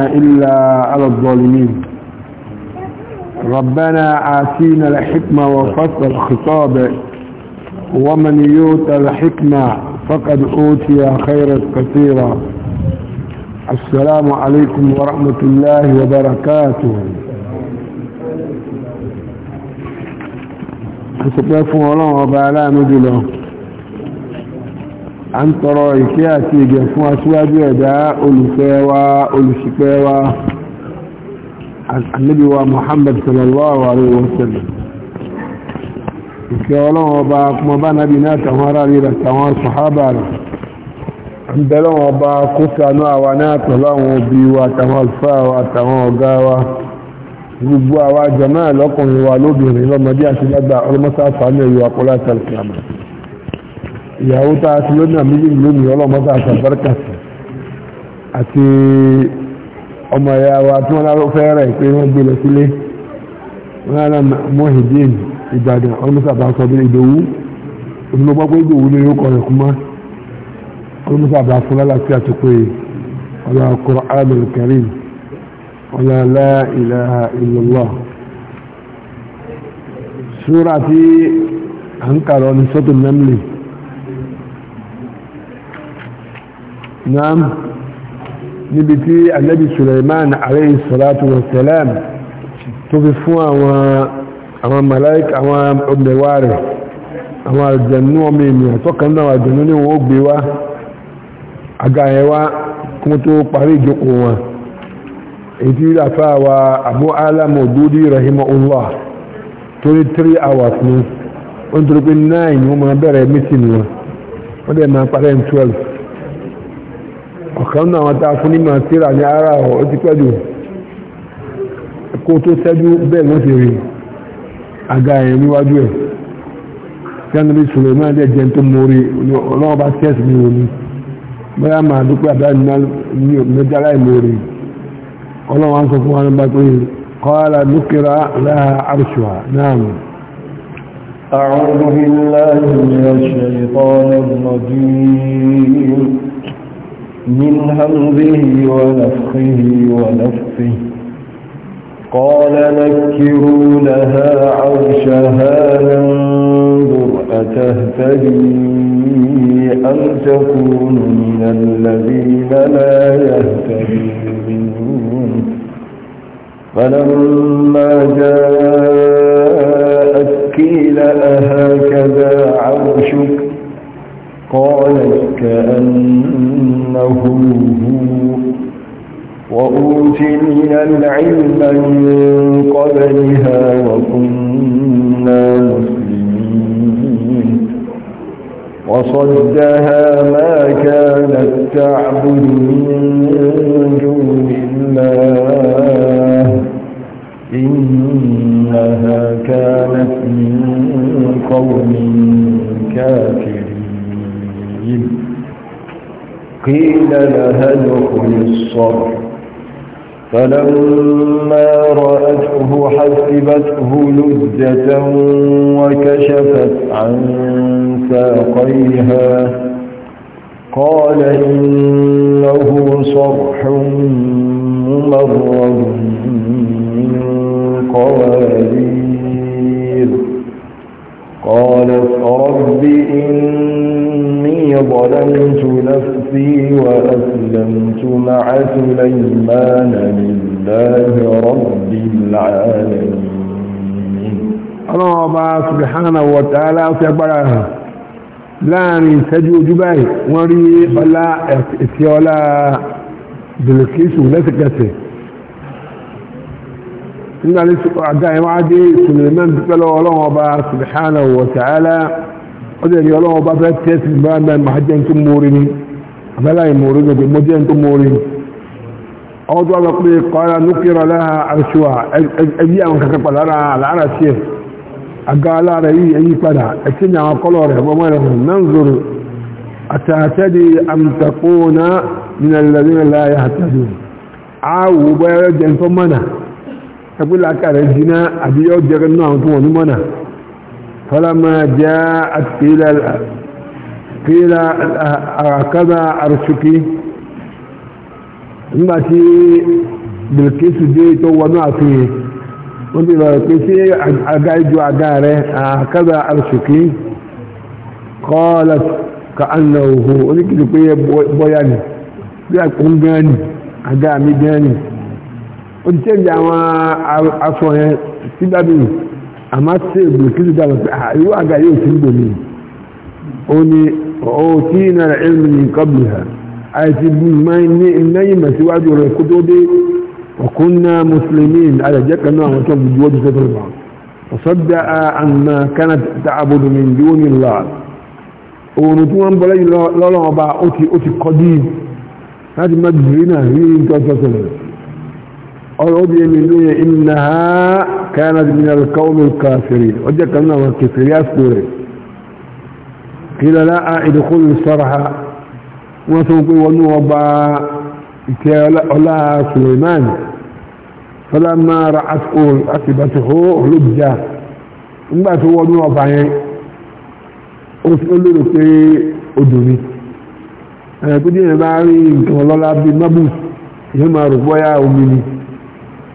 إلا على الظالمين ربنا آتينا الحكمة وفصل الخطاب ومن يؤت الحكمة فقد أوتي خيرا كثيرا السلام عليكم ورحمة الله وبركاته أسفل فوالله وبعلا نجله a ń tọrọ ìkẹ́ àti ìgẹ̀ fún aṣíwájú ẹ̀dá olùfẹ́ wa olùṣìpẹ̀ wa annabi wa muhammad sallallahu alaihi wasallam ìkẹ́ ọlọ́run ọba kuma bá nábi náà tàwọn ará rí rẹ̀ tàwọn sàhábà rẹ̀ ń bẹ̀rẹ̀ wọn lọ́kùnrin wa lóbìnrin lọ́mọdé àti lágbà ọlọ́mọsáfà náà yóò apọ́lá sàlùkàmà ìyàwó tá a ti lónìí àmìlì lónìí ọlọ́mọta àti àbárkàtì àti ọmọ ẹ̀yà wa tí wọ́n láró fẹ́ rẹ̀ pé wọ́n gbé lọ sílé wọ́n lára Mohideen Ìbàdàn ọlọ́mọta àbáṣọ bí Ìdòwú òmìnirbọ́ pé Ìdòwú ní orúkọ rẹ̀ kúmá ọlọ́mọta àbáṣọ lálàáfíà tó pé ọlọ́ Al-Qur'an al ọlọ́ la ilaha illallah súra tí à ń kàrọ̀ ní sọ́tò Namli نعم نبتي النبي سليمان عليه الصلاة والسلام تقفوا àwọn mẹ́láìkì àwọn ọmọdéwà rẹ̀ àwọn àjẹ̀nú ọmọ ènìyàn tọ́kàn náà àjẹ̀nú ní wọ́n gbé wá aga ẹ̀ wá kún tó parí ìjókòó wọn èyí tí àfá wa Abu Alamu Dudi rahimahullah tó ní 3 hours ní wọ́n tó rí pé 9 ni wọ́n máa bẹ̀rẹ̀ mítìn wọn wọ́n dẹ̀ máa parí 12 ọ̀kan náà wọn ta fún ní màtíra ní ara ọ̀ ti pẹ́jù kó tó tẹ́jú bẹ́ẹ̀ ló ti rí àga ẹ̀ níwájú ẹ̀ jẹ́nàbí Suleiman dẹ̀ jẹ́ tó mórí ọlọ́wọ́ bá tẹ́sì mi wò ní bẹ́ẹ̀ máa dúpẹ́ àbáyé ní mẹ́jà láì mórí ọlọ́wọ́ sọ fún wa nípa pé kọ́lá dúkìrá láha arṣùwà náà أعوذ بالله من الشيطان الرجيم من همزه ونفخه ونفخه قال نكروا لها عرشها ننظر أتهتدي أم تكون من الذين لا يهتدون فلما جاءت قيل أهكذا عرشك قالت كأنه هو وأوتينا العلم من قبلها وكنا مسلمين وصدها ما كانت تعبد من دون الله إنها كانت من قوم كافرين الرجيم قيل لها ادخل الصرح فلما رأته حسبته لجة وكشفت عن ساقيها قال إنه صرح ممرض من قوارير قالت رب إن ظلمت نفسي وأسلمت مع سليمان لله رب العالمين الله سبحانه وتعالى أتبعه لا من سجود به وري بلا إثيالا بالكيس ونسكته إن الله سبحانه وتعالى سليمان الله سبحانه وتعالى ọdẹ ni ọlọ́wọ́ bá fẹ́ tẹ́sí báńdà ìmọ̀hájẹ́ tó mórí ni àbẹ́lá ìmọ̀rí ni gbogbo jẹ́ tó mórí ni ọwọ́ tó wà pé kọ́ra núkìrọ̀ lára àṣùwà ẹbí àwọn kankan padà lára sí ẹ̀ àga alára yìí ẹ̀yí padà ẹ̀kí ní àwọn kọ́lọ̀ rẹ̀ ọmọ rẹ̀ hàn náà ń zòrò àtàtẹ́dì àmìtàkóná nílẹ̀lẹ́lẹ́ فلما جاءت قيل قيل هكذا أرشكي nígbà tí bilkisu dé tó wọnú àfihàn wọ́n ti bẹ̀rẹ̀ pé sí àga ìjọ àga rẹ̀ àkàbà àrùsùkí kọ́ọ̀lá ka anna òhù oníkìlì pé bọ́yá nì bí àkún gan nì àga mi gan nì ó ti tẹ́jà àwọn aṣọ yẹn sígbàbí àmá tí ìbùkún dára pé irú àga yóò ti ń bò ní ó ní ọ̀hún tí náírà ẹ̀rù ní kọ́bù ha àìsí lẹ́yìn mẹ̀síwájú rẹ̀ kó tó dé ọ̀kún náà mùsùlùmí àjẹjẹ́ kanú àwọn tó gbùdú ọdún tó tọrọ ọ̀sọ́dá àmà kánà tá àbòdò mi ní òní lọ òun tí wọ́n ń bọ́lẹ́ yìí lọ́lọ́ ọba ó ti kọ́ dí láti má gbìyànjú náà rí ní tọ́jọ́ tọrọ ọ̀rọ̀ ó bí ẹni lóye ìnáhà كانت من القوم الكافرين وجدت أنه كفريات دوري قيل لا ادخل الصرح وسوق ونوبا ولا سليمان فلما رأته أكبته لبجة nígbà tó wọ́n ní ọba yẹn ó fi lérò pé odò ni ẹ̀rẹ̀ pé díẹ̀ bá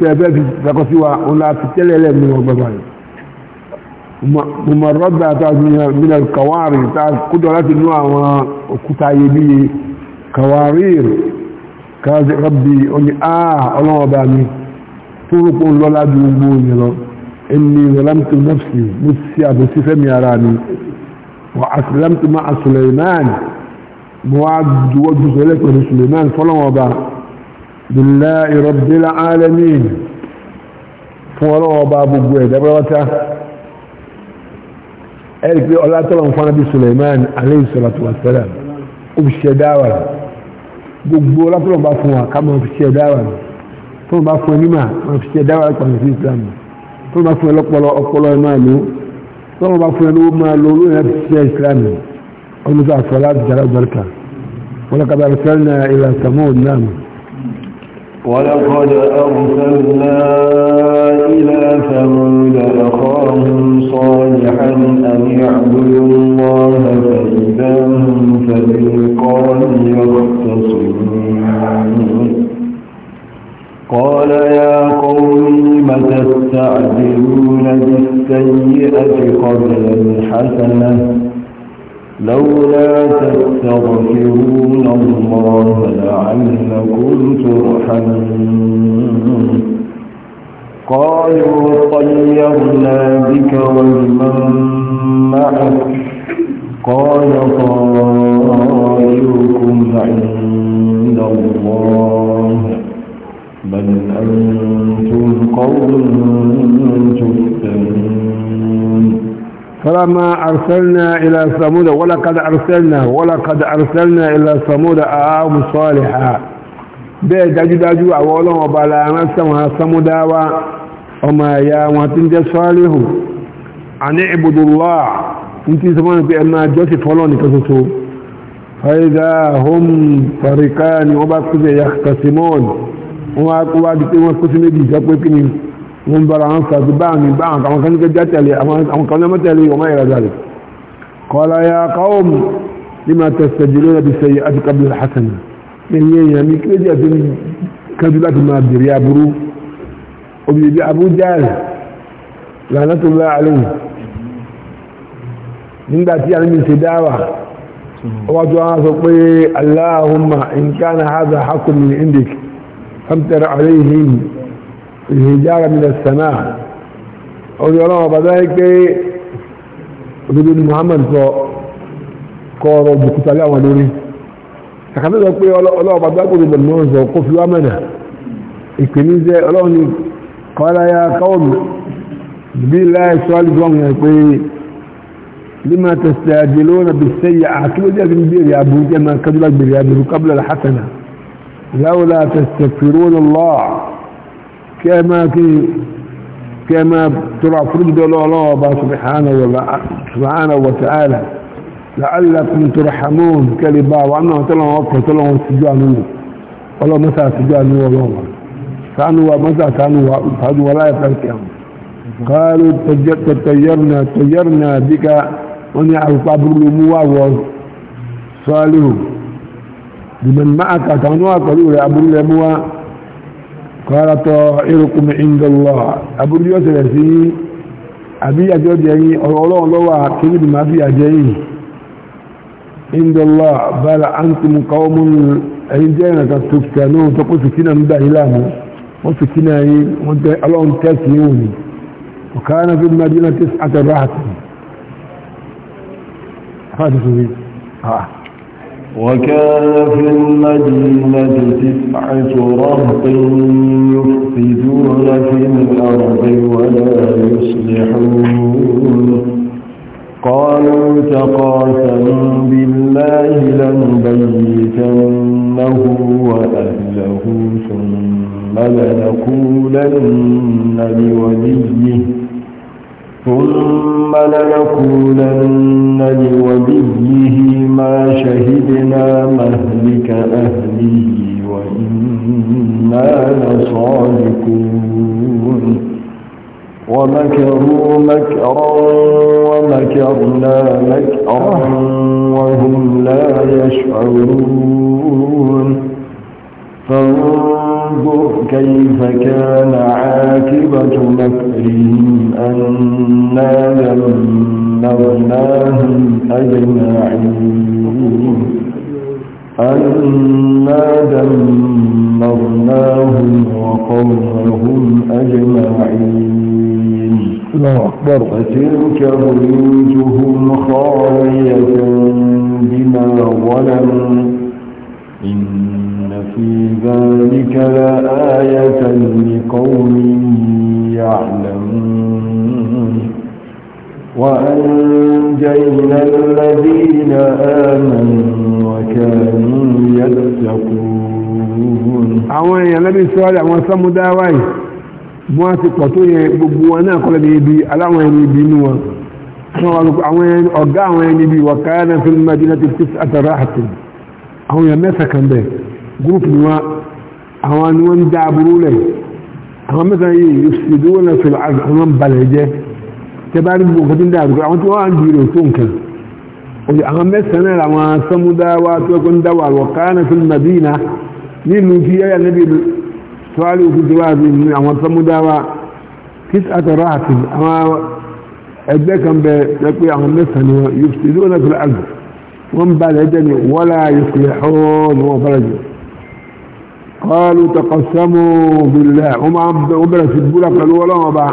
tẹ́ẹ̀bẹ́ fi sàkọsí wa òun la fi tẹ́lẹ̀ lẹ́nu wọn gbọ́dọ̀ yìí mọ̀mọ̀rọ́dà tàbílẹ̀ kàwárì tá kúdọ̀ láti ní àwọn òkúta yìí bí kàwárì káàzì rabbi oní àà ọlọ́wọ́bá mi tó rúpọ̀ lọ́lá ju gbogbo òní lọ inni zalamtu nafsi mo sí àbòsí fẹ́mi ara mi wa aslamtu ma a suleiman mo wá juwọ́ ju sọ́lẹ̀ pẹ̀lú suleiman fọ́lọ́wọ́bá لله رب العالمين فولو باب بويد ابراتا البي الله تعالى فانا بي سليمان عليه الصلاه والسلام وبشداوا gbogbo látọ̀rọ̀ bá fún wa ká máa fi ṣe dáwà ní tó bá fún ẹni máa máa fi ṣe dáwà pàdé sí Islam tó bá fún ẹlọ́pọlọ ọpọlọ ẹ máa lò tó bá fún ẹni ó máa lò olóyìn láti ṣe Islam ọdún tó àfọlá àti jàrá gbàrúkà wọn lọ́kàbà rẹ̀ sẹ́lẹ̀ ilà Samud náà ولقد أرسلنا إلى ثمود أخاهم صالحا أن يعبدوا الله فإذا هم فبالقال يختصمون قال يا قوم متى تستعجلون بالسيئة قبل الحسنة لولا تستغفرون الله لعلكم ترحمون قالوا طيرنا بك ومن معك قال طائركم عند الله بل أنتم قوم تفتنون فلما أرسلنا إلى ثمود ولقد أرسلنا ولقد أرسلنا إلى ثمود أعام صالحا bẹ́ẹ̀ dájúdájú àwọn ọlọ́run ọba aláàrán sẹ́wọ̀n samúdáwá ọmọ ẹ̀yà wọn tí ń jẹ́ sọ́ọ́lẹ́hù àní ìbùdùlá ní tí sọmọ́nà pé ẹ̀mà jọ́sì fọ́lọ́ nìkan tuntun fàídà hom farika ni wọ́n bá kúrò yàtọ̀ simon wọ́n á kó wá di pé wọ́n kó sí méjì ìjọ pé kí ni wọ́n bára wọn fàájú báàmì báàmì àwọn kan ní kẹjá tẹ̀lé àwọn kan lọ́mọ́ tẹ̀lé wọ́n máa ìrọ̀dàlẹ̀ kọ́lá ya káwọ́m ní ma tẹ̀sẹ̀ jùlọ rẹ̀ bí sẹ́yẹ àti kabila hassan ẹ̀yẹ èèyàn ní kí lójú àti kájú láti máa bèrè aburú obìnrin bí abuja rẹ̀ lànàtúlá alẹ́ nígbà tí a ní ṣe dáwà wọ́n tó wọ́n sọ pé aláhùnmá nǹkan hàzà hakùnmí indik الهجارة من السماء أولي الله بذلك أولي محمد kọ́ọ̀rọ̀ bùkútà lé àwọn lórí ṣàkàtà sọ pé ọlọ́wọ́ bàbá kò lè bẹ̀rẹ̀ náà sọ kó fi wá mẹ́nà ìpèníjẹ́ ọlọ́run ni kọ́láyà káwọn bí láì sọ́ọ́lì gbọ́n yẹn pé lima tẹ̀sẹ̀ àdìló na bí sẹ́yà àkílójẹ́ fi ń bèèrè àbúrú jẹ́ máa kájúlá gbèrè àbúrú kábílà hasana láwùlá tẹ̀sẹ̀ fìrún lọ́ọ̀ كما في كما ترى فرج الله سبحانه ولا سبحانه وتعالى لعلكم ترحمون كلبا وانه تلون وقف تلون سجانو ولا مسا سجانو والله كانوا مسا كانوا هذا ولا يفهم قالوا تيرنا تيرنا بك وني عرفا بالموا صالح لمن معك كانوا قالوا يا ابو قال طائركم عند الله ابو اليوسف الذي ابي اجو جاي اولو لو وا كيني بما في اجي عند الله بل انتم قوم عندنا تفتنون تقول سكينة من دهلام وسكينة الله تسيوني وكان في المدينة تسعة رهط هذا سوي اه وكان في المدينة تسعة رهط يفسدون في الأرض ولا يصلحون قالوا تقاسموا بالله لنبيتنه وأهله ثم لنقولن لوليه ثم لنقولن لوليه ما شهدنا مهلك أهله وإنا لصادقون ومكروا مكرا ومكرنا مكرا وهم لا يشعرون فانظر كيف كان عاقبة مكرهم أنا لم نرناهم أجمعين أنا دمرناهم وقومهم أجمعين الله أكبر فتلك بيوتهم خالية بما ظلموا إن في ذلك لآية لقوم يعلمون وأنجينا الذين آمنوا وكانوا يتقون àwọn èèyàn lẹ́bí sọ́ọ́lẹ̀ àwọn sámúdáwáì wọ́n ti pọ̀ tó gbogbo wọn náà kọ́lẹ̀ ní ibi aláwọn ẹni ibi inú wọn ọ̀gá àwọn ẹni ibi wàkáyánà fi mẹ́jìnà ti fífí àtàrà àti àwọn èèyàn mẹ́ta kan bẹ̀ gúrùpù ni wọ́n àwọn ni wọ́n ń dá lẹ̀ àwọn mẹ́ta yìí ìṣèdúwọ́n náà fi tẹbárí gbogbo nǹkan tí ń dáàbò àwọn tí wọ́n á jìrì òtó nǹkan òjò àwọn mẹ́sàn-án náà àwọn samudáwa tó ẹkọ́ ń dáwà rọ̀ káánà fún madina nílùú tí yáyà níbi tọ́wárí òkú tó wà ní àwọn samudáwa kí àtọ̀rọ̀ àti àwọn ẹgbẹ́ kan bẹ pé àwọn mẹ́sàn-án wọn yóò fi ìdúró náà fúnra àgbẹ̀ wọ́n bá lẹ́ jẹ́ ni wọ́lá yóò قالوا تقسموا بالله وما بلغ في البلغ قالوا ولا ما بقى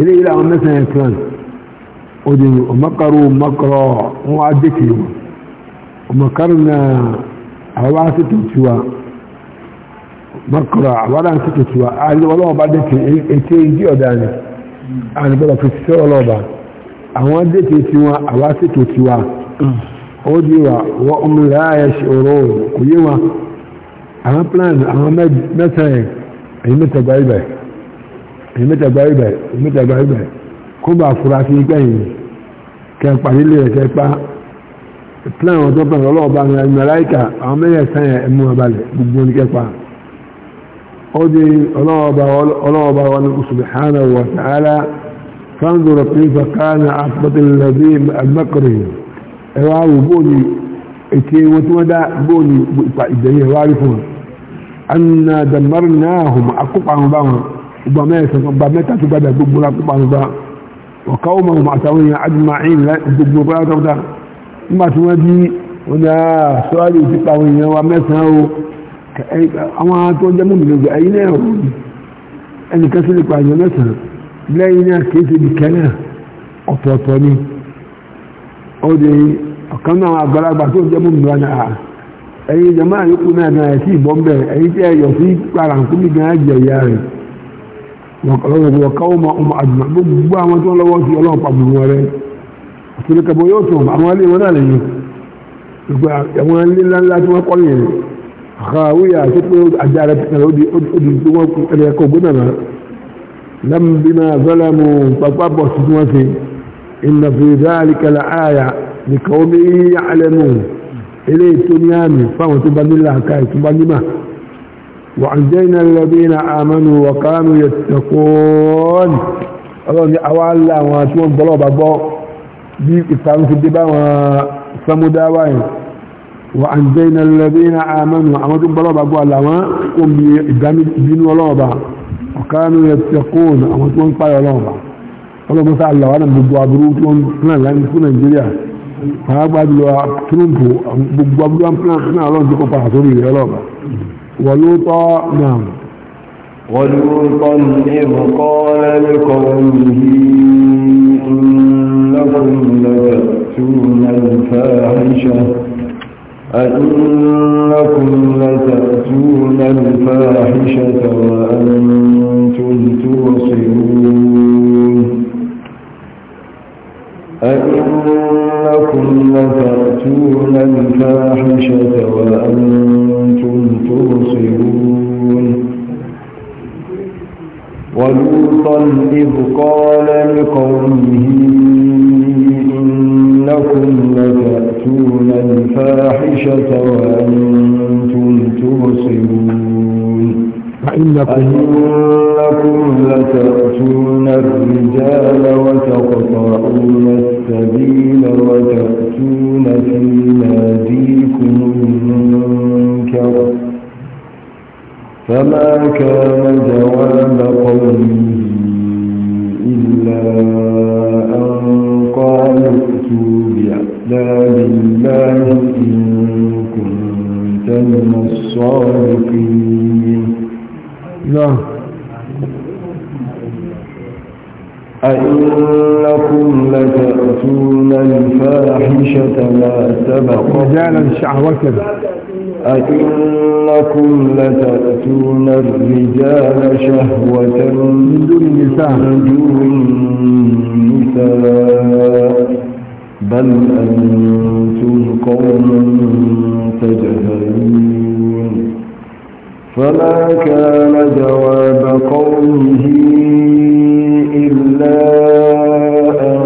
eléyìí làwọn mẹ́sàn-án plan òde ọmọkàrò ọmọkàrò wọn wá dẹ́kẹ̀ wọn ọmọkàrò náà àwọn wá sètò tiwa ọmọkàrò àwọn náà sètò tiwa ọlọ́wọ́ bá dẹ́kẹ̀ ètè ìdí ọ̀dà ni àlùbọ̀lọ̀ fi sẹ́ ọlọ́ọ̀bà àwọn dẹ́kẹ̀ tiwa àwọn sètò tiwa òde wa wọ́n ọmọ ìlàyà ṣòro kò yé wa àwọn plan àwọn mẹ́sàn-án ẹ̀yìn mẹ́ta gbáyé báyìí ìmẹ́ta gba ibẹ̀ ìmẹ́ta gba ibẹ̀ kó bá fura sí igbá yìí kẹ ń parí lè kẹ pa plan ọjọ́ pẹ̀lú ọlọ́ọ̀bá ní ẹni aláìka àwọn mẹ́rẹ̀ sàn ẹ̀ mú abalẹ̀ gbogbo ní kẹpa ó di ọlọ́ọ̀bá wọn subhanahu wa ta'ala فانظر كيف كان عقبة الذين المكرين ẹwà wò bóòlù ètè wọn tí wọ́n dá bóòlù ìgbẹ̀yìn ẹwà rí fún wọn anna damarnahum akópa wọn bá wọn gba mẹ́sàn gba mẹ́ta tó gbàgbà gbogbo la gbogbo àgbà ọ̀ká ó máa àtàwọn èèyàn ajímáàín gbogbo pátápátá nígbà tí wọ́n bí wọ́n ní ah, sọ́ọ́lì ti pa àwọn èèyàn wa mẹ́sàn o àwọn tó jẹ́ mú nìlógún ẹ̀yìn náà rò ní ẹnìkan sí lè pa àyàn mẹ́sàn lẹ́yìn náà kìí ṣe bìkẹ́ وقالوا وقوم أم أجمع بقى ما تقول الله واتي الله قبل موالي أتلك بيوتهم أموالي ونالي أموالي لن لا تقولين خاوية تقول أجارة تقول أدي أدي أدي لم بما ظلموا فطبوا ستواتي إن في ذلك لآية لقوم يعلمون إليه تنيامي فهو تبني الله كاي تبني ما وعزينا الذين آمنوا وكانوا يتقون الله ni àwọn Allah wọn tí wọ́n gbọ́lọ̀ bá gbọ́ bí ìparun ti dé bá wọn samudawa yìí wà á jẹ́ iná lẹ́bí iná àmọ́nù àwọn tó gbọ́lọ̀ bá gbọ́ àlàwọn kò bí ìbínú ọlọ́ọ̀bá ọ̀kánú ẹ̀tẹ̀kùn àwọn tó ń pààyà ọlọ́ọ̀bá ọlọ́gbọ́n sá àlàwà náà gbogbo aburú tó ń plan láti fún Nàìjíríà pàápàá jùlọ Trump gbogbo aburú plan fún àwọn ọlọ́ọ̀bá ولوطا نعم ولوطا إذ قال لقومه إنكم لتأتون الفاحشة أئنكم لتأتون الفاحشة وأنتم توصلون أئنكم لتأتون الفاحشة وأنتم تبصرون ولوطا إذ قال لقومه إنكم لتأتون الفاحشة وأنتم تبصرون أئنكم إنكم لتأتون الرجال وتقطعون السبيل وتأتون في ناديكم المنكر فما كان جواب قومه إلا أن قالوا ائتوا بعذاب الله إن كنت من الصادقين نعم أئنكم لتأتون الفاحشة ما سبق رجالا شعوى كذا أئنكم لتأتون الرجال شهوة من دون النساء من دون النساء بل أنتم قوم تجهلون فما كان جواب قومه إلا أن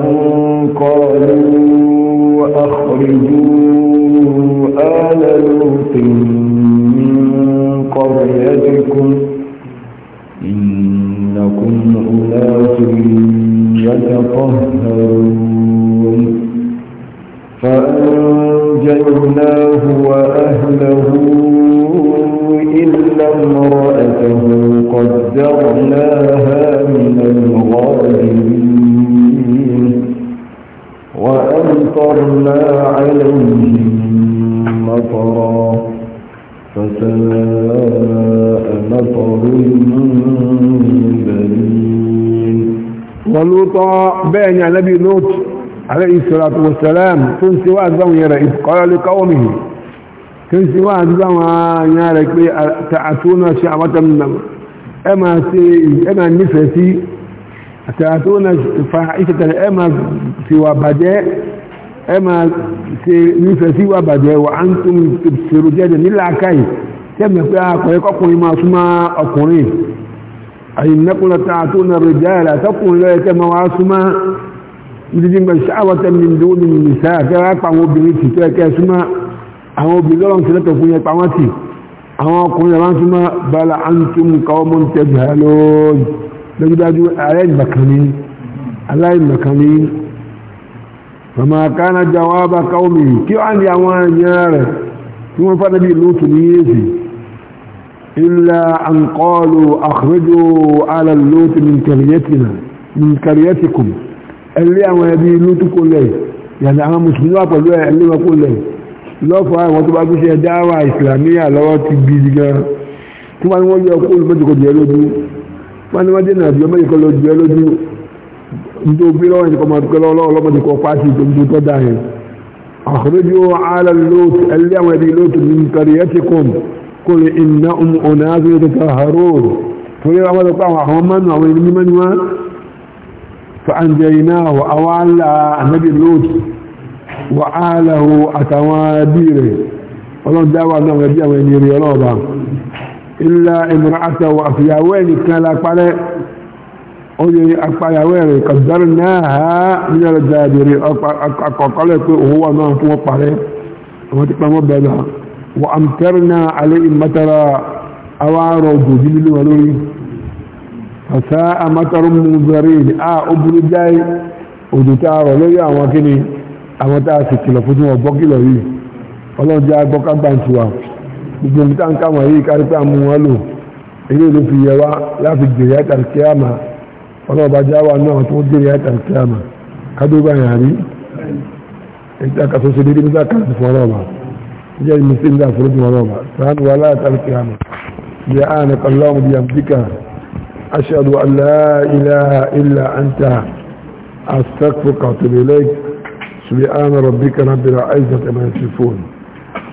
قالوا أخرجوا آل لوط من قريتكم إنكم أناس يتطهرون فأنجيناه وأهله قدرناها من وأمطرنا عليهم مطرا فساء مطر ولوطا بين نبي لوط عليه الصلاة والسلام تنسي وأزوني رئيس قال لقومه kí n ṣe wá àdúgbò àwọn àyàn rẹ̀ pé àtúnà ṣe àwọ́tà mìíràn ẹ máa ṣe ẹ máa nífẹ̀ẹ́ sí àtàtúnà fa ìṣẹ̀tẹ̀lẹ̀ ẹ máa ṣe wà bàjẹ́ ẹ máa ṣe nífẹ̀ẹ́ sí wà bàjẹ́ wà á ń tún ṣèrò jẹ́jẹ́ nílà káyì tẹ́mẹ̀ pé akọ̀rẹ́ kọkùnrin máa súnmọ́ ọkùnrin àyìnlẹ́kùnrin àtàtúnà rẹ̀ jẹ́ àtàkùnrin lọ́yẹ̀ tẹ́mẹ̀ wá súnmọ́ ìdíjìngbẹ̀ ṣáwọ́tẹ̀ mi dúró ní nìṣẹ́ àtẹ́wà pàwọn obìnrin tìtọ́ ẹ̀kẹ́ súnmọ́ àwọn obìnrin lọ́rùn ti lẹ́tọ̀ fún yẹn pa wọ́n tì àwọn ọkùnrin àwọn tí máa bala antum qawmun tajhalun dájúdájú aláìmọ̀kànní aláìmọ̀kànní màmá kánà jawaba qawmi kí wọ́n ní àwọn ènìyàn rẹ̀ tí wọ́n fàdé bí lóòtù ní yéèsì illa an qalu akhrijū ala lóòtù min qaryatina min qaryatikum ẹlẹ́ àwọn ẹbí lóòtù kò lẹ̀ yàtọ̀ àwọn mùsùlùmí wà pẹ̀lú ẹlẹ́wọ̀n kò lẹ̀ lọ́fọ̀ àwọn tó bá tún ṣe dáwà ìsìlámíyà lọ́wọ́ ti gidi gan tí wọ́n ní wọ́n yọ kó olùmọ́jọ́kọ̀ jẹ́ lójú wọ́n ní wọ́n dé nàbí ọmọdékọ́ lọ jẹ́ lójú nítorí lọ́wọ́ ẹ̀ṣẹ̀ kọ́ máa tó lọ́wọ́ ọlọ́mọdékọ́ pàṣẹ tó tó dá yẹn àkọ́rẹ́jọ́ ààlà lóòtù ẹlẹ́ àwọn ẹbí lóòtù ní kàríyẹ́tì kùn kò lè iná um ọ̀nà àti ìdíkà وعاله أتواديره ولن دعوة أنه يبيع وينيري الله إلا امرأته وأفياوين كان لأكبر عليه أكبر أفياوين قدرناها من الجابر أكبر هو ما توقع عليه وتقام بها وأمترنا عليهم مترا أوارو جزيل ولولي فساء متر منذرين آ آه أبن جاي ودتار ليا وكني àwọn tá a sì kìlọ̀ fojú wọn gbọ́ kìlọ̀ yìí ọlọ́run jẹ́ agbọ́ kágbà ń tiwa gbogbo nǹkan táǹkà wọn yìí kárí pé àmú wọn lò èyí ló fi yẹ wá láti gbèrè àtàrí kíámà ọlọ́run bá jáwà náà tó ń gbèrè àtàrí kíámà kádó bá yàrá rí èyí tá a kà sọ́sọ́ dédé nígbà kan ti fọ́ ọlọ́ọ̀bà jẹ́ ìmísí nígbà fún ọdún sàánù wa atubu سبحان ربك رب العزة ما يصفون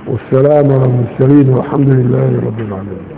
والسلام على المرسلين والحمد لله رب العالمين